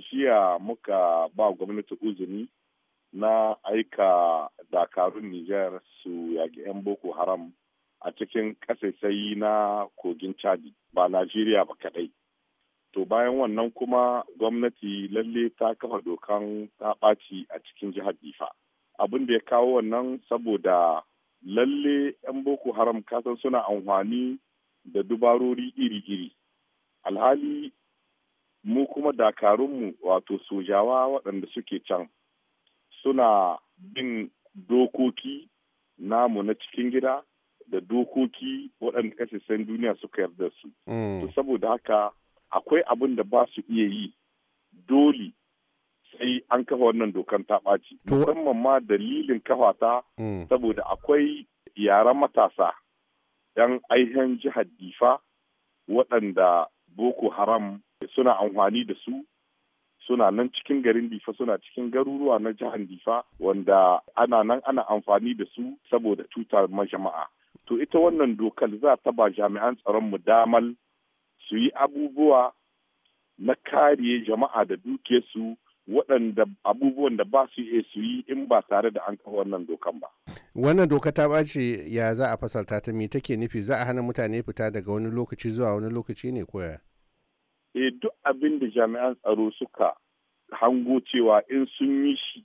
jiya muka ba gwamnati uzuni na aika dakarun Nijar su yaƙi 'yan Boko Haram a cikin ƙasaisayi na kogin Chadi ba Najeriya ba kadai To bayan wannan kuma gwamnati lalle ta kafa dokan ta ɓaci a cikin jihar Ifa. Abin da ya kawo wannan saboda lalle 'yan Boko Haram kasan suna amfani da dubarori iri-iri. Alhali mu kuma dakarunmu wato sojawa waɗanda suke can suna bin dokoki namu na cikin gida da dokoki waɗanda ƙasashen duniya suka yarda su. Mm. saboda haka akwai abin da ba su iya yi dole sai an kafa wannan dokan ta ɓaci. Musamman ma dalilin kafa ta mm. saboda akwai yaran matasa ‘yan aihen jihar Difa waɗanda Boko Haram suna amfani da su suna nan cikin garin difa suna cikin garuruwa na jihar difa wanda ana nan ana amfani da su saboda tutar majama'a to ita wannan dokar za ta ba jami'an tsaron mu damal su yi abubuwa na kariye jama'a da duke su waɗanda abubuwan da ba su iya su yi in ba tare da an kawo wannan dokan ba. Wannan doka ta ɓace ya za a fasalta ta me take nufi za a hana mutane fita daga wani lokaci zuwa wani lokaci ne koya? e duk abin da jami'an tsaro suka hango cewa in sun yi shi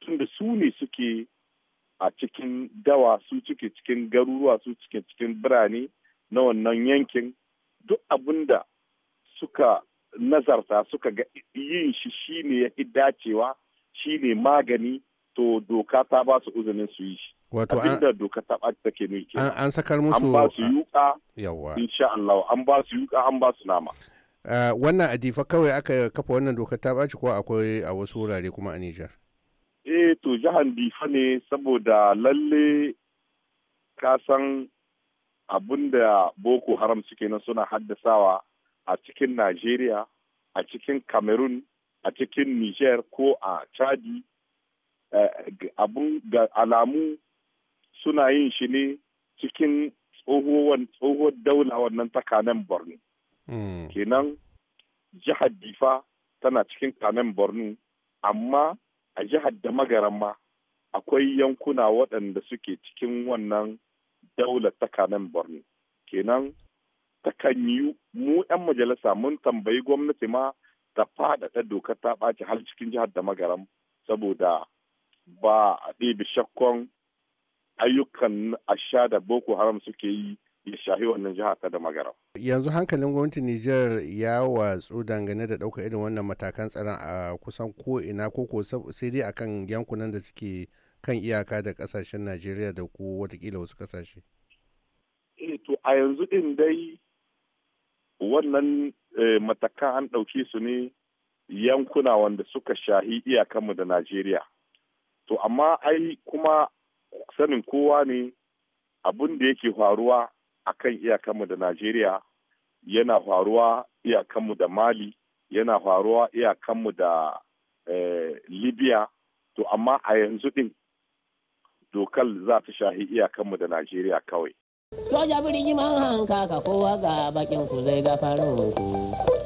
tunda su ne suke a cikin dawa su cike cikin garuruwa su cike cikin birane na wannan yankin duk abin da suka nazarta suka ga yin shi shine ya fi dacewa shine magani to doka ta ba su uzunin su yi shi wato an da doka ta ɓaci take ne an sakar musu an ba su yuka yawa insha Allah an ba su yuka an ba su nama Eh, wannan adifa kawai aka kafa wannan doka ta ɓaci ko akwai a wasu wurare kuma a Nijar? Eh to jihar Difa ne saboda lalle kasan abin da Boko Haram suke nan suna haddasawa a cikin Najeriya, a cikin Cameroon, a cikin Niger ko a Chadi eh, abun ga alamu suna yin shi ne cikin tsohuwar daula wannan takanan Borno. Hmm. kenan jihar difa tana cikin kamen borno amma a jihar da magarama akwai yankuna waɗanda suke cikin wannan daular ta kanan borno kenan takan yi mu 'yan majalisa mun tambayi gwamnati ma ta faɗaɗa dokar ta ɓaci hal cikin jihar da magaram saboda ba a ɗebe shakkon ayyukan asha da boko haram suke yi ya shahi wannan jihar ta da magara. yanzu hankalin gwamnatin Nijar ya watsu dangane da ɗaukar irin wannan matakan tsaron a kusan ko ina ko ko sai dai akan yankunan da suke kan iyaka da ƙasashen najeriya da ko watakila wasu ƙasashe. eh to a yanzu din dai wannan eh, matakan an ɗauke su ne yankuna wanda suka shahi iyakanmu da najeriya to amma ai kuma sanin kowa ne abin da yake faruwa a kan iyakanmu da Najeriya yana faruwa iyakanmu da Mali yana faruwa iyakanmu da eh, Libya to amma a yanzu din dokal za ta shahi iyakanmu da Najeriya kawai. Soja birni man hanka ka kowa ga bakin ku zai ga farin ku.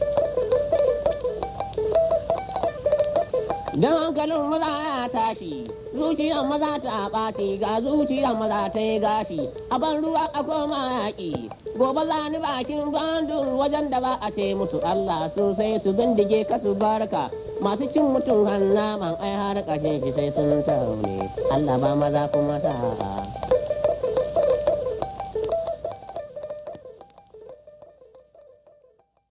Idan hankalin maza ya tashi, zuciyar maza ta ɓaci ga zuciyar maza ta yi gashi, a ban ruwa a koma yaƙi. Gobe za ni bakin bandun wajen da ba a ce musu Allah sosai su bindige ka su barka. Masu cin mutum hannaman ai har ƙashe shi sai sun taune. Allah ba maza kuma sa'a.